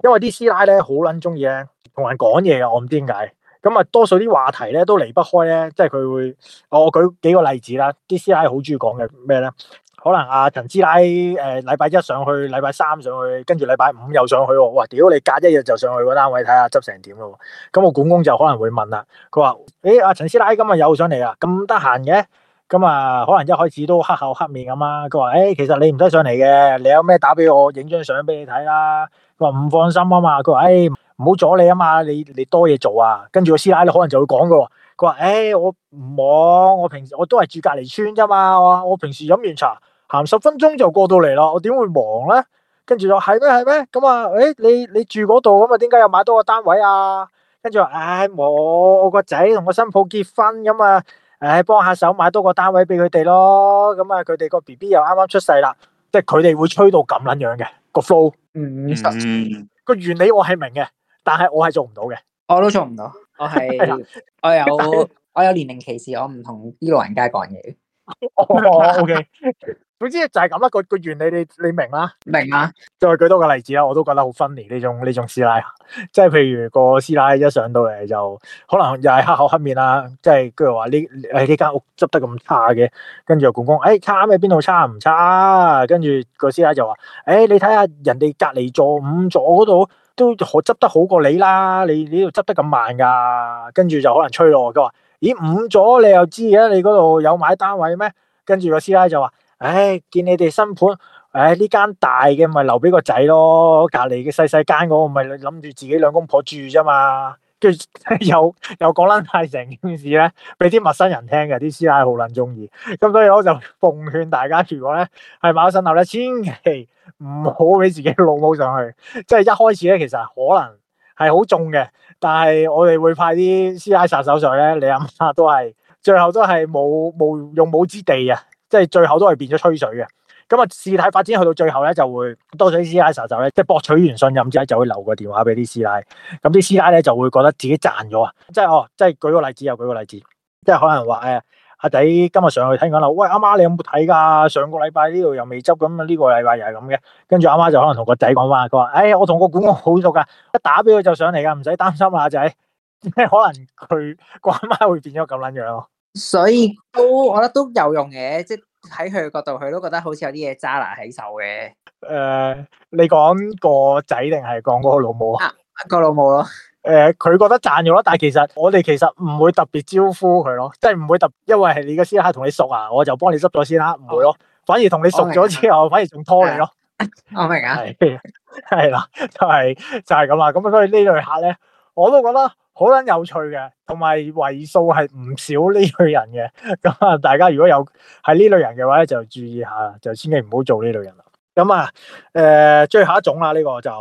因為啲師奶咧好捻中意咧同人講嘢噶，我唔知點解。咁啊，多數啲話題咧都離不開咧，即係佢會，我、哦、我舉幾個例子啦。啲師奶好中意講嘅咩咧？可能阿陳師奶誒禮拜一上去，禮拜三上去，跟住禮拜五又上去喎，哇屌你隔一日就上去個單位睇下執成點咯，咁我管工就可能會問啦，佢話：，誒阿陳師奶今日又上嚟啊，咁得閒嘅？咁啊可能一開始都黑口黑面咁啦，佢話：，誒其實你唔使上嚟嘅，你有咩打俾我，影張相俾你睇啦，佢話唔放心啊嘛，佢話：，誒唔好阻你啊嘛，你你多嘢做啊，跟住個師奶可能就會講㗎喎，佢話：，誒我唔忙，我平時我都係住隔離村啫嘛，我我平時飲完茶。行十分鐘就過到嚟啦，我點會忙咧？跟住就係咩係咩咁啊？誒、欸，你你住嗰度咁啊？點解又買多個單位啊？跟住話，唉、哎，我我個仔同個新抱結婚咁啊，誒、哎，幫下手買多個單位俾佢哋咯。咁啊，佢哋個 B B 又啱啱出世啦，即係佢哋會吹到咁捻樣嘅，個 flow 嗯。嗯嗯，個原理我係明嘅，但係我係做唔到嘅。我都做唔到，我係 我有我有年齡歧視，我唔同啲老人家講嘢。我。OK。總之就係咁啦，個個原理你你明啦，明啊。再舉多個例子啦，我都覺得好分離呢種呢種師奶，即係譬如個師奶一上到嚟，就可能又係黑口黑面啦，即係佢又話呢，誒，呢間屋執得咁差嘅，跟住個管工誒，差咩邊度差唔差，跟住個師奶就話誒，你睇下人哋隔籬座五座嗰度都可執得好過你啦，你你度執得咁慢噶，跟住就可能吹咯，佢話咦，五座你又知嘅，你嗰度有買單位咩？跟住個師奶就話。唉，見你哋新盤，唉呢間大嘅，咪留俾個仔咯，隔籬嘅細細間嗰個咪諗住自己兩公婆住啫嘛，跟住又又講翻大成件事咧，俾啲陌生人聽嘅，啲師奶好捻中意，咁所以我就奉勸大家，如果咧係買新樓咧，千祈唔好俾自己老母上去，即係一開始咧其實可能係好重嘅，但係我哋會派啲師奶殺手上咧，你諗下都係最後都係冇冇用武之地啊。即係最後都係變咗吹水嘅，咁啊事態發展去到最後咧，就會多咗啲師奶就咧，即係博取完信任之後，就會留個電話俾啲師奶。咁啲師奶咧就會覺得自己賺咗啊！即係哦，即係舉個例子又舉個例子，即係可能話誒，阿仔今日上去聽講啦，喂，阿媽你有冇睇噶？上個禮拜呢度又未執咁啊，呢個禮拜又係咁嘅。跟住阿媽就可能同個仔講話，佢話：誒，我同個管工好熟噶，一打俾佢就上嚟噶，唔使擔心啊，阿仔。可能佢個阿媽會變咗咁撚樣咯。所以都，我覺得都有用嘅，即係喺佢嘅角度，佢都覺得好似有啲嘢揸拿起手嘅。誒，你講個仔定係講嗰個老母啊？個老母咯。誒、呃，佢覺得賺咗咯，但係其實我哋其實唔會特別招呼佢咯，即係唔會特，因為係你嘅私客同你熟，你你熟你啊，我了 就幫你執咗先啦，唔會咯。反而同你熟咗之後，反而仲拖你咯。我明啊。係啦，就係就係咁啊，咁所以呢類客咧，我都覺得，好撚有趣嘅，同埋為數係唔少呢類人嘅，咁啊大家如果有係呢類人嘅話咧，就注意下，就千祈唔好做呢類人啦。咁啊、呃，最後一種啦，呢、呢個就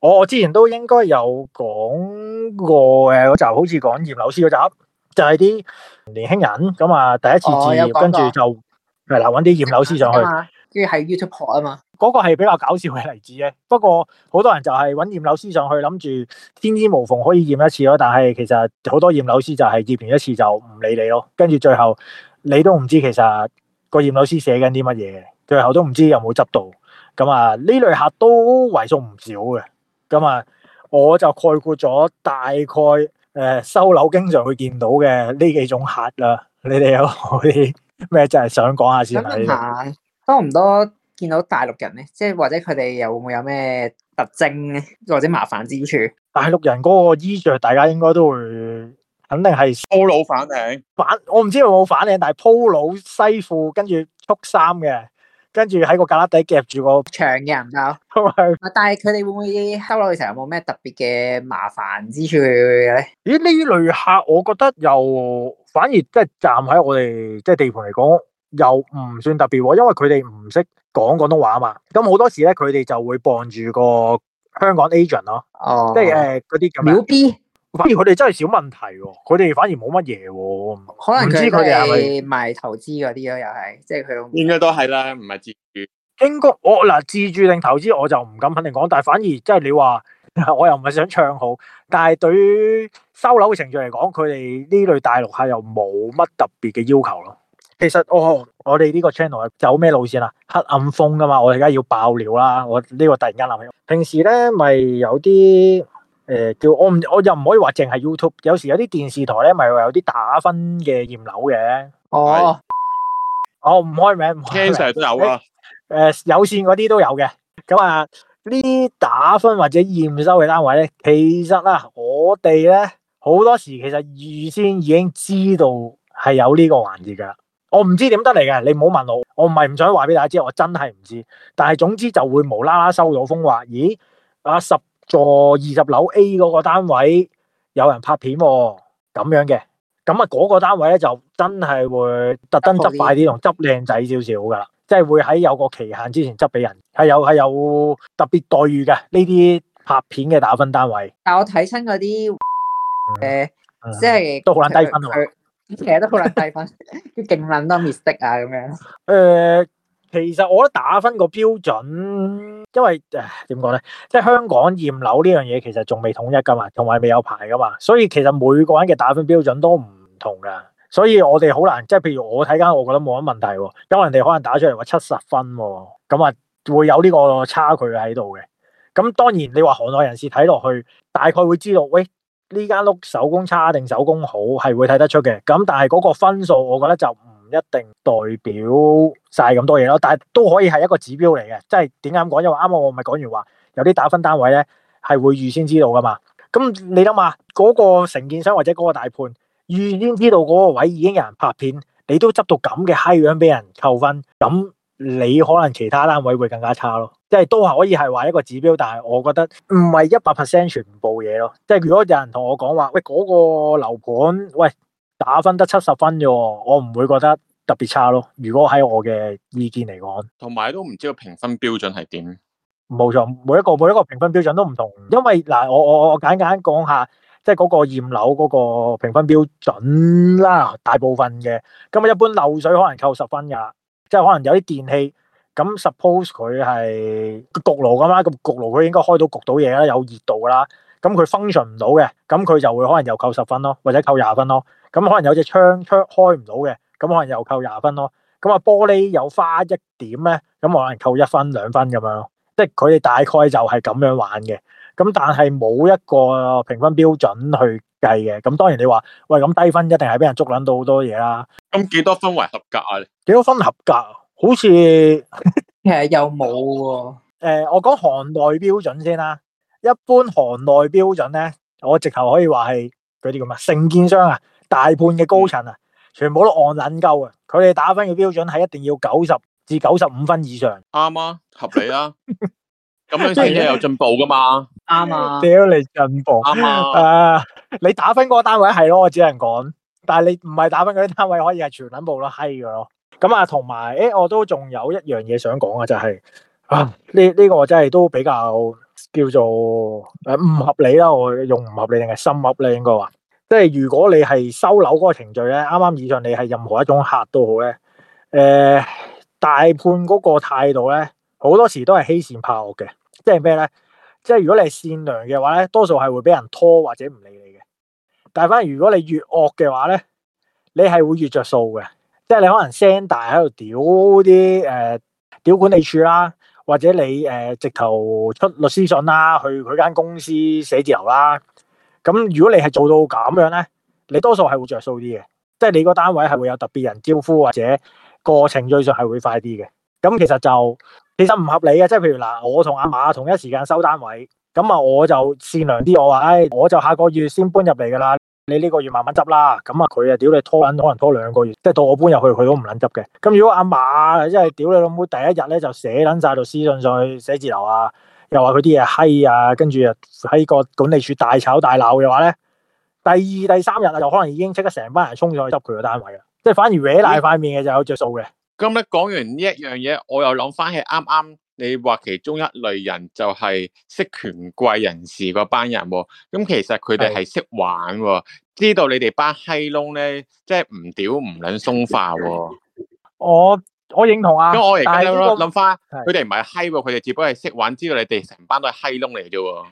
我我之前都應該有講過，誒嗰集好似講驗樓師嗰集，就係、係、啲年輕人咁啊第一次置業，哦，跟住就係嗱揾啲驗樓師上去。跟住喺 YouTube 學啊嘛，嗰、那個係比較搞笑嘅例子啫。不過好多人就係揾驗樓師上去，諗住天衣無縫可以驗一次咯。但係其實好多驗樓師就係驗完一次就唔理你咯。跟住最後你都唔知其實個驗樓師寫緊啲乜嘢，最後都唔知有冇執到。咁啊，呢類客都為數唔少嘅。咁啊，我就概括咗大概誒、呃、收樓經常會見到嘅呢幾種客啦。你哋有冇啲咩真係想講下先？多唔多見到大陸人咧？即係或者佢哋有冇有咩特徵咧，或者麻煩之處？大陸人嗰個衣着，大家應該都會肯定係鋪老反領。反我唔知有冇反領，但係鋪老西褲，跟住恤衫嘅，跟住喺個格旯底夾住個長嘅人，唔 得。但係佢哋會唔會收落嚟成日冇咩特別嘅麻煩之處咧？咦？呢類客，我覺得又反而即係站喺我哋即係地盤嚟講。又唔算特別，因為佢哋唔識講廣東話啊嘛，咁好多時咧佢哋就會傍住個香港 agent 咯、哦，即係誒嗰啲咁小 B 反而佢哋真係少問題，佢哋反而冇乜嘢。可能唔知佢哋係咪賣投資嗰啲咯，又係即係佢。應該都係啦，唔係自住。英國我嗱自住定投資，我就唔敢肯定講。但係反而即係你話，我又唔係想唱好，但係對於收樓嘅程序嚟講，佢哋呢類大陸客又冇乜特別嘅要求咯。其實哦，我哋呢個 channel 走咩路線啊？黑暗風噶嘛，我哋而家要爆料啦。我呢個突然間諗起，平時咧咪有啲誒、呃，叫我唔我又唔可以話淨係 YouTube，有時有啲電視台咧咪有啲打分嘅驗樓嘅哦哦，唔、哦、開名，成日都有啊。誒、呃，有線嗰啲都有嘅。咁、嗯、啊，呢打分或者驗收嘅單位咧，其實啦，我哋咧好多時其實預先已經知道係有呢個環節噶。我唔知點得嚟嘅，你唔好問我，我唔係唔想話俾大家知，我真係唔知。但係總之就會無啦啦收到風，話咦啊十座二十樓 A 嗰個單位有人拍片咁、哦、樣嘅，咁啊嗰個單位咧，就真係會特登執快啲同執靚仔少少噶啦，即係會喺有個期限之前執俾人，係有係有特別待遇嘅呢啲拍片嘅打分單位。但我睇親嗰啲，誒、即係都好難低分。成日都好難計分，啲勁捻多，多 mistake 啊咁樣。 誒、呃，其實我覺得打分個標準，因為點講咧，即係香港驗樓呢樣嘢其實仲未統一噶嘛，同埋未有牌噶嘛，所以其實每個人嘅打分標準都唔同噶。所以我哋好難，即係譬如我睇間，我覺得冇乜問題，因為人哋可能打出嚟話七十分，咁啊會有呢個差距喺度嘅。咁當然你話行內人士睇落去，大概會知道喂。欸呢間屋手工差定手工好係會睇得出嘅。咁但係嗰個分數我覺得就唔一定代表晒咁多嘢咯，但係都可以係一個指標嚟嘅，即係點解咁講？因為啱啱我唔係講完話，有啲打分單位咧係會預先知道噶嘛，咁你諗下嗰個承建商，或者嗰個大判預先知道嗰個位已經有人拍片，你都執到咁嘅閪樣俾人扣分，咁。你可能其他單位會更加差咯，即係都係可以係話一個指標，但係我覺得唔係一百 percent 全部嘢咯。即係如果有人同我講話喂，嗰個樓盤喂，打分得七十分嘅，我唔會覺得特別差咯。如果喺我嘅意見嚟講，同埋都唔知道評分標準係點？冇錯，每一個每一個評分標準都唔同，因為嗱，我我我簡簡講下，即係嗰個驗樓嗰個評分標準啦，大部分嘅咁啊，那一般漏水可能扣十分噶。即係可能有啲電器咁，suppose 佢係焗爐㗎嘛，咁焗爐佢應該開到焗到嘢啦，有熱度㗎啦。咁佢 function 唔到嘅，咁佢就會可能又扣十分咯，或者扣廿分咯。咁可能有隻窗窗開唔到嘅，咁可能又扣廿分咯。咁啊玻璃有花一點咧，咁可能扣一分兩分咁樣。即係佢哋大概就係咁樣玩嘅。咁但係冇一個評分標準去。計嘅，咁當然你話，喂，咁低分一定係俾人捉捻到好多嘢啦。咁幾多分為合格啊？幾多分合格？好似其實又冇喎。誒、 啊欸，我講行內標準先啦。一般行內標準咧，我直頭可以話係嗰啲叫咩？承建商啊，大半嘅高層啊、嗯，全部都按捻夠啊。佢哋打分嘅標準係一定要九十至九十五分以上。啱啊，合理啊。 咁樣嘅有進步噶嘛？啱啊！屌你進進步，啱啊！誒，你打分嗰個單位係咯，我只能講。但係你唔係打分嗰啲單位，可以係全撚部囉，係㗎咯。咁啊，同埋誒，我都仲有一樣嘢想講，就是、 啊，就係啊，呢呢個真係都比較叫做誒唔合理啦。我用唔合理定係心黑咧，應該話。即係如果你係收樓嗰個程序咧，啱啱以上你係任何一種客都好咧。誒、呃，大判嗰個態度咧。好多時都係欺善怕惡嘅，即係咩咧？即係如果你係善良嘅話咧，多數係會俾人拖或者唔理你嘅。但係反而如果你越惡嘅話咧，你係會越着數嘅。即係你可能聲大喺度屌啲誒，屌管理處啦，或者你誒直頭出律師信啦，去佢間公司寫字樓啦。咁如果你係做到咁樣咧，你多數係會着數啲嘅。即係你個單位係會有特別人招呼，或者過程上係會快啲嘅。咁其實就。其實唔合理嘅，即係譬如嗱，我同阿馬同一時間收單位，咁啊，我就善良啲，我話，唉、哎，我就下個月先搬入嚟噶啦，你呢個月慢慢執啦。咁啊，佢啊，屌你，拖緊可能拖兩個月，即係到我搬入去，佢都唔捻執嘅。咁如果阿馬即係屌你老母，第一日咧就寫捻晒到私信上去寫字樓啊，又話佢啲嘢閪啊，跟住啊喺個管理處大吵大鬧嘅話咧，第二、第三日就可能已經即刻成班人衝咗去執佢個單位啦。即係反而搲大塊面嘅就有着數嘅。咁咧講完呢一樣嘢，我又諗翻起啱啱你話其中一類人就係識權貴人士嗰班人喎。咁其實佢哋係識玩喎，知道你哋班閪窿咧，即係唔屌唔撚鬆化喎。我我認同啊。咁我而家諗諗翻，佢哋唔係閪喎，佢哋只不過係識玩，知道你哋成班都係閪窿嚟啫。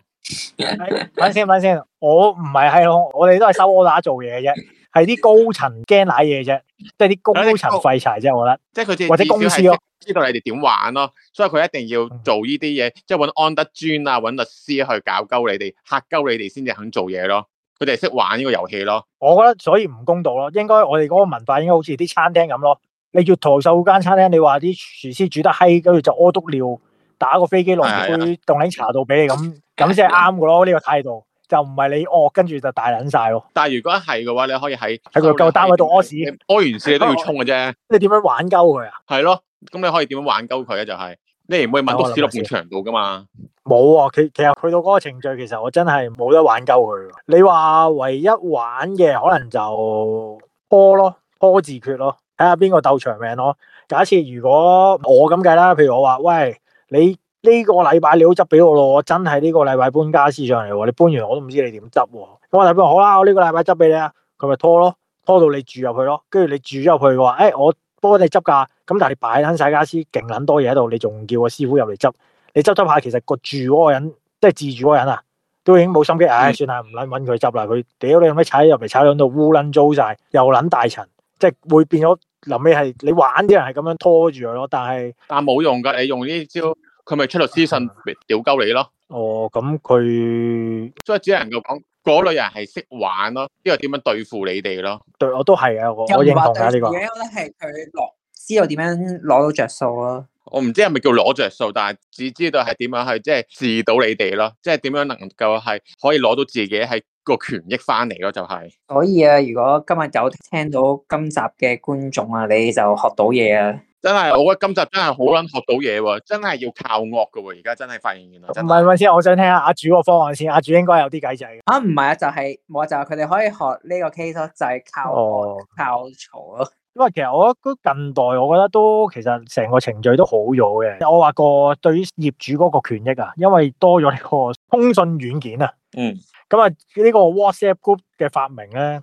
等先，等先。我唔係閪窿，我哋都係收柯打做嘢嘅啫。係啲高層驚瀨嘢啫，即係啲高層廢柴啫。我覺得，即係佢或者公司咯，知道你哋點玩咯，所以佢一定要做呢啲嘢，即係揾安德尊啊，揾律師去搞鳩你哋，嚇鳩你哋先至肯做嘢咯。佢哋係識玩呢個遊戲咯。我覺得所以唔公道咯，應該我哋嗰個文化應該好似啲餐廳咁咯。你叫台秀間餐廳，你話啲廚師煮得閪，跟住就屙督尿，打個飛機落去凍檸、哎、茶度俾你，咁咁先係啱嘅咯。呢、哎呢個態度。就唔係你惡，跟住就大捻晒咯。但係如果係嘅話，你可以喺喺個舊單位度屙屎，屙完屎你都要沖嘅啫、啊。你點樣挽救佢啊？係咯，咁你可以點樣挽救佢呀？就係你唔可以到篤屎落場度噶嘛。冇啊，其其實去到嗰個程序，其實我真係冇得挽救佢。你話唯一玩嘅可能就波咯，波字決咯，睇下邊個鬥長命咯。假設如果我咁計啦，譬如我話喂你。呢個禮拜你都執俾我咯，我真係呢個禮拜搬家私上嚟喎。你搬完我都唔知你點執喎。咁我就話好啦，我呢個禮拜執俾你啊。佢咪拖咯，拖到你住入去咯。跟住你住咗入去嘅話，誒，我幫你執㗎。咁但係你擺親晒家私，勁捻多嘢喺度，你仲叫個師傅入嚟執，你執執下，其實個住嗰個人，即係自住嗰個人啊，都已經冇心機。唉，算啦，唔捻搵佢執啦。佢屌你，用咩踩入嚟，踩到度，烏捻糟晒，又捻大塵，即係會變咗。臨尾係你玩啲人係咁樣拖住佢咯，但係但係冇用㗎，你用呢招。佢咪出到私信屌鳩你咯？哦，咁佢所以只能夠講嗰類人係識玩咯，知道點樣對付你哋咯。對，我都係啊，我認同啊呢、呢個。而且係佢落知道點樣攞到着數咯。我唔知係咪叫攞着數，但係只知道係點樣去，即係治到你哋咯，即係點樣能夠係可以攞到自己係個權益翻嚟咯、就係，就係可以啊！如果今日有聽到今集嘅觀眾啊，你就學到嘢啊！真係，我覺得今集真係好撚學到嘢喎！真係要靠惡嘅喎，而家真係發現原來。唔係唔係先，我想聽下阿主個方案先。阿主應該有啲計仔啊。唔係啊，就係冇啊，就係佢哋可以學呢個 case 就係、是、靠惡、哦、靠嘈咯。因為其實我覺得近代，我覺得都其實成個程序都好咗嘅。我話過對於業主嗰個權益啊，因為多咗呢個通訊軟件啊。嗯。咁啊，呢個 WhatsApp group 嘅發明咧，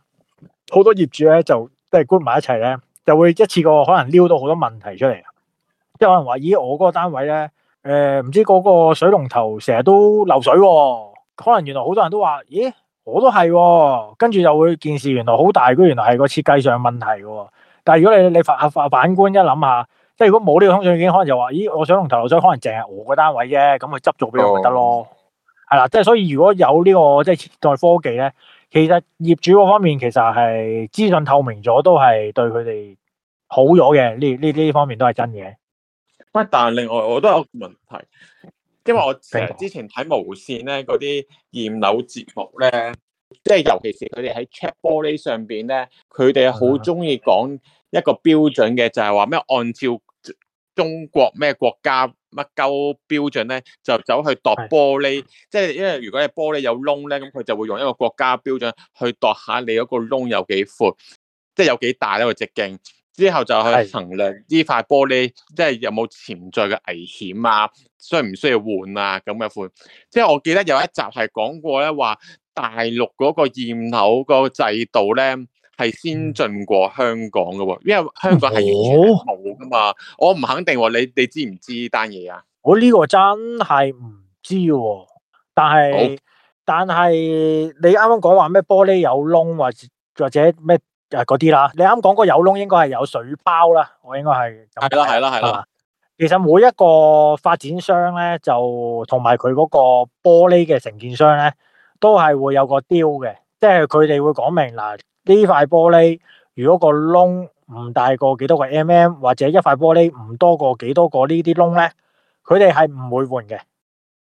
好多業主咧就都係 group 埋一齊咧。就會一次過可能撩到好多問題出嚟，即係可能話，咦，我個單位咧，誒、呃，唔知嗰個水龍頭成日都漏水，可能原來好多人都話，咦，我都係，跟住就會件事原來好大，佢原來係個設計上問題喎。但係如果你你反反反觀一諗下，即係如果冇呢個通訊機可能就話，咦，我水龍頭漏水可能淨係我個單位啫，咁去執做俾我咪得咯。係、哦、啦，即係所以如果有呢、這個即係現代科技咧。其實業主嗰方面其實係資訊透明咗，都係對佢哋好咗嘅。呢呢呢方面都係真嘢，不但另外我都有個問題，因為我成日之前睇無綫咧嗰啲驗樓節目咧，即係尤其是佢哋喺 check 玻璃上邊咧，佢哋好中意講一個標準嘅，就係話咩按照。中國咩國家乜鳩標準咧？就走去度玻璃，即係因為如果你玻璃有窿咧，咁佢就會用一個國家標準去度下你嗰個窿有幾闊，即係有幾大呢個直徑。之後就去衡量呢塊玻璃，即係有冇潛在嘅危險啊？需唔需要換啊？咁嘅款。即係我記得有一集係講過咧，話大陸嗰個驗樓個制度咧。係先進過香港嘅，因為香港係好好冇噶嘛。我唔肯定，你你知唔知呢單嘢啊？我、哦、呢、這個真係唔知道，但係、哦、但係你啱啱講話咩玻璃有窿，或者或者咩誒嗰啲啦。你啱講個有窿，應該係有水包啦。我應該係係啦係啦係啦。其實每一個發展商咧，就同埋佢嗰個玻璃嘅承建商咧，都係會有個 deal 嘅，即係佢哋會講明嗱。呢塊玻璃如果個窿唔大過幾多個 mm，或者一塊玻璃唔多過幾多個呢啲窿咧，佢哋係唔會換嘅。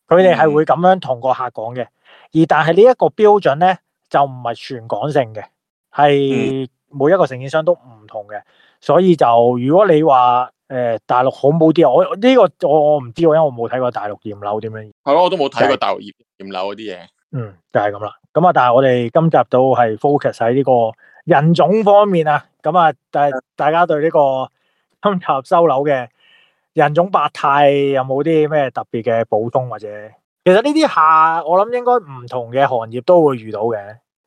佢哋係會咁樣同個客講嘅。而但係呢一個標準咧，就唔係全港性嘅，係每一個承建商都唔同嘅。所以就如果你話誒、呃、大陸好冇啲，我呢、呢個我我唔知，我因為我冇睇過大陸驗樓點樣。係、嗯、咯，我都冇睇過大陸驗驗樓嗰啲嘢。嗯，就係咁啦。咁啊，但係我哋今集都係 focus 喺呢個人種方面啊。咁啊，但係大家對呢個今集收樓嘅人種百態有冇啲咩特別嘅補充或者？其實呢啲下我諗應該唔同嘅行業都會遇到嘅，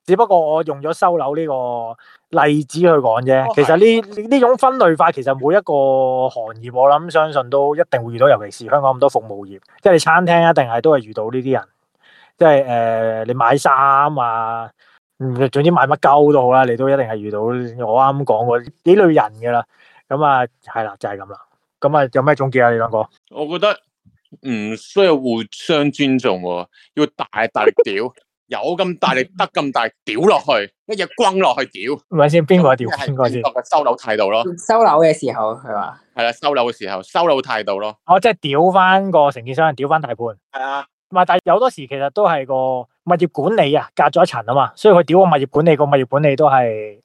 只不過我用咗收樓呢個例子去講啫、哦。其實呢呢種分類法，其實每一個行業我諗相信都一定會遇到，尤其是香港咁多服務業，即係餐廳一定係都係遇到呢啲人。即係誒、呃，你買衫啊，唔，總之買乜鳩都好啦，你都一定係遇到我啱講過幾類人噶啦。咁、嗯、啊，係、嗯、啦，就係咁啦。咁、嗯、啊，有咩總結啊？你兩個，我覺得唔需要互相尊重、啊，要大力 有大力屌，有咁大力得咁大屌落去，一日轟落去屌，係咪先？邊個屌邊個先？個收樓態度咯，收樓嘅時候係嘛？係啦，收樓嘅時候，收樓態度咯。哦，即係屌翻個承建商，屌翻大盤。係啊。唔係，但有多時其實都係個物業管理啊，隔咗一層啊嘛，所以佢屌我物業管理個物業管理都係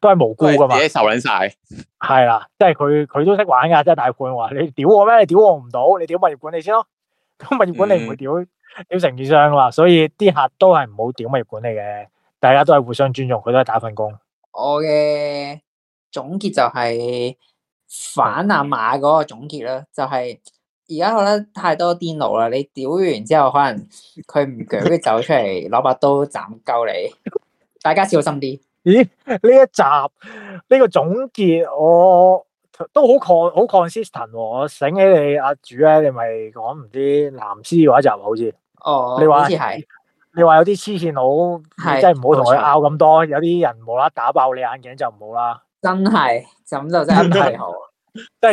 都係無辜噶嘛，是自己受緊晒係啦，即係佢佢都識玩噶，即係大判話你屌我咩？你屌我唔到，你屌物業管理先咯。咁物業管理唔會屌屌承建商噶嘛，所以啲客都係唔好屌物業管理嘅，大家都係互相尊重，佢都係打份工。我嘅總結就係、是、反阿馬嗰個總結啦、就是，就係。而家可能太多癲佬啦！你屌完之後，可能佢唔鋸，佢走出嚟攞 把刀斬鳩你，大家小心啲。咦？呢一集呢、這個總結我都好 c 好 consistent 喎、哦。我醒起你阿主咧、啊，你咪講唔知藍絲嘅一集，好似哦，好似係你話、哦、有啲黐線佬，即係唔好同佢拗咁多。有啲人冇啦打爆你眼鏡就唔好啦。真係，咁就真係真係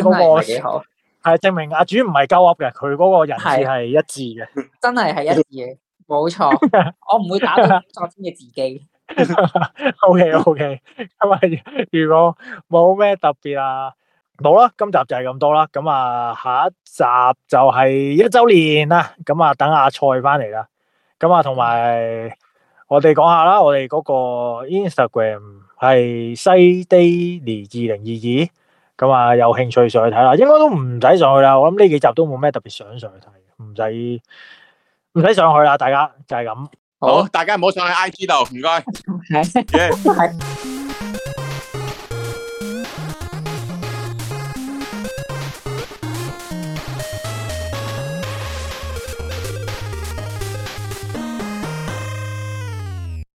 個幾好。 係證明阿主唔係鳩噏嘅，佢嗰個人設係一致嘅，真係係一致嘅，冇錯。我唔會打錯先嘅自己。O K O K，咁啊，如果冇咩特別啊，冇啦，今集就係咁多啦。咁啊，下一集就係一周年啦。咁啊，等阿蔡翻嚟啦。咁啊，同埋我哋講下啦，我哋嗰個 Instagram 係西地尼二零二二。咁啊，有興趣上去睇啦。應該都唔使上去啦。我諗呢幾集都冇咩特別想上去睇，唔使，唔使上去啦，大家，就係咁。好，大家唔好上去 IG 度，唔該。